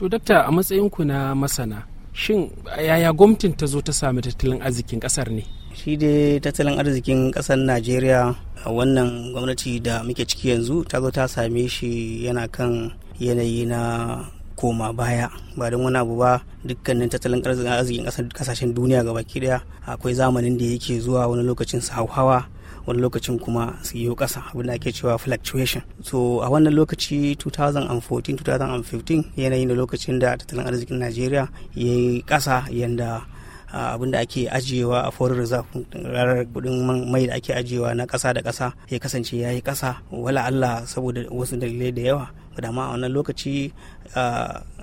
to dakta a matsayinku na masana shin yaya gwamnatin ta zo ta sami tattalin arzikin kasar ne shi dai tattalin arzikin kasar najeriya wannan gwamnati da muke ciki yanzu ta zo ta same shi yana kan yanayi na koma baya ba don wani abu ba dukkanin tattalin arzikin kasashen duniya ga baki daya akwai zamanin da yake zuwa wani lokacin su hauhawa wani lokacin kuma su yi kasa abin da ake cewa fluctuation so a wannan lokaci 2014 2015 yanayi na lokacin da tattalin arzikin najeriya ya yi kasa yadda abin da ake ajiyewa a foreign reserve rarar kudin mai da ake ajiyewa na kasa da kasa ya kasance ya yi kasa wala allah saboda wasu dalilai da yawa dama a wannan lokaci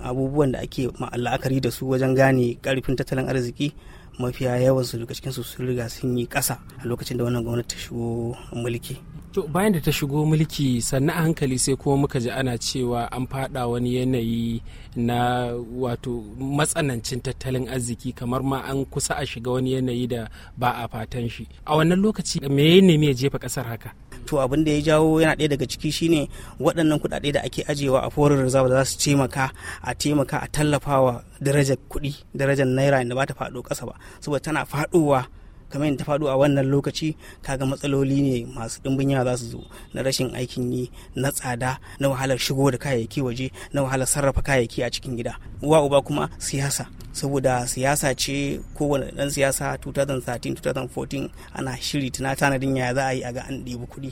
abubuwan da ake la'akari da su wajen gane karfin tattalin arziki mafiya yawan su daga cikin su sun riga sun yi kasa a lokacin da wannan gwamnati ta shigo mulki to bayan da ta shigo mulki sannan a hankali sai kuma muka ji ana cewa an fada wani yanayi na wato matsanancin tattalin arziki kamar ma an kusa a shiga wani yanayi da ba a fatan shi a wannan lokaci me ne nemi ya jefa kasar haka to abin da ya jawo yana ɗaya daga ciki shine waɗannan kuɗaɗe da ake ajiyewa a forin reserve za su taimaka a taimaka a tallafawa darajar kuɗi darajar naira da ba ta faɗo ƙasa ba saboda tana faɗowa kamar ta faɗo a wannan lokaci kaga matsaloli ne masu ɗimbin yawa za su zo na rashin aikin yi na tsada na wahalar shigo da kayayyaki waje na wahalar sarrafa kayayyaki a cikin gida uwa uba kuma siyasa saboda siyasa ce kowane dan siyasa 2013-2014 ana shiri tana tanadin ya za a yi a ga an ɗebi kuɗi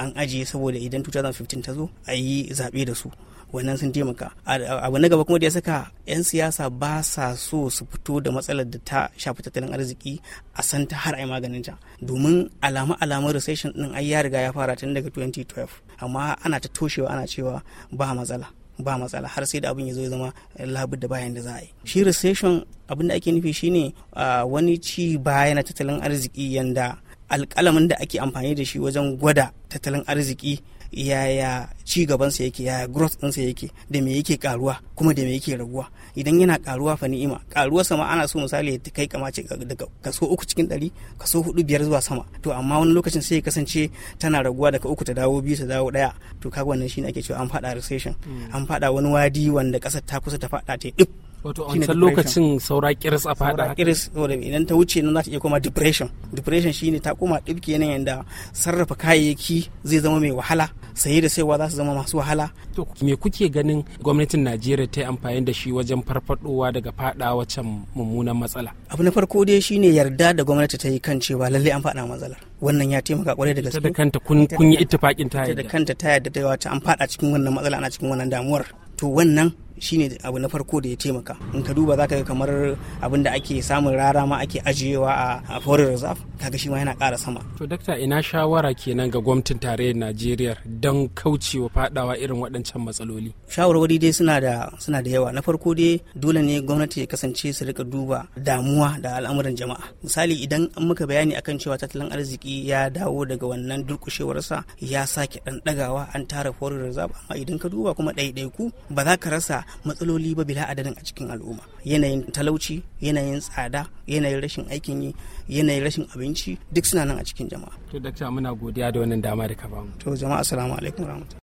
an ajiye saboda idan 2015 ta zo a yi zaɓe da su wannan sun taimaka abu na gaba kuma da ya saka 'yan siyasa ba sa so su fito da matsalar da ta shafi tattalin arziki a san ta har a yi maganinta domin alamu alamun recession din ai ya riga ya fara tun daga 2012 amma ana ta toshewa ana cewa ba matsala ba matsala har sai da abin ya zo ya zama labud da bayan da za a yi shi recession abin da ake nufi shine wani ci baya na tattalin arziki yanda alƙalamin da ake amfani da shi wajen gwada tattalin arziki yaya ci gabansa yake yaya growth ɗinsa yake da me yake karuwa kuma da me yake raguwa idan yana karuwa fa ni'ima karuwar sama ana so misali ta kai kamace daga kaso uku cikin ɗari kaso hudu biyar zuwa sama to amma wani lokacin sai ya kasance tana raguwa daga uku ta dawo biyu ta dawo daya to kaga wannan shine ake cewa an faɗa recession hmm. an faɗa wani wadi wanda ƙasar ta kusa ta faɗa ta duk wato a wancan lokacin saura kiris a fada kiris saboda idan ta wuce nan za ta iya koma depression depression shine ta koma dibke yanayin da sarrafa kayayyaki zai zama mai wahala saye da saiwa za su zama masu wahala to me kuke ganin gwamnatin Najeriya ta yi amfani da shi wajen farfadowa daga fada wacan mummunan matsala abu na farko dai shine yarda da gwamnati ta yi kan cewa lalle an fada matsalar wannan ya taimaka kwarai da gaske da kanta kun kun yi ittifakin ta da kanta ta yarda da ta an fada cikin wannan matsala ana cikin wannan damuwar to wannan shine abu na farko da ya taimaka in ka duba zaka ga kamar abin da ake samun rara ma ake ajiyewa a foreign reserve kaga shi ma yana kara sama to dakta ina shawara kenan ga gwamnatin tarayyar Najeriya don kaucewa fadawa irin waɗancan matsaloli shawarwari dai suna da suna da yawa na farko dai dole ne gwamnati ya kasance su rika duba damuwa da al'amuran jama'a misali idan an muka bayani akan cewa tattalin arziki ya dawo daga wannan durkushewarsa ya sake dan dagawa an tara foreign reserve amma idan ka duba kuma ɗaiɗaiku ba za ka rasa matsaloli ba bila adadin a cikin al'umma yanayin talauci yanayin tsada yanayin rashin aikin yi yanayin rashin abinci duk suna nan a cikin jama'a to dakta muna godiya da wannan dama da ka bamu to jama'a assalamu alaikum warahmatullahi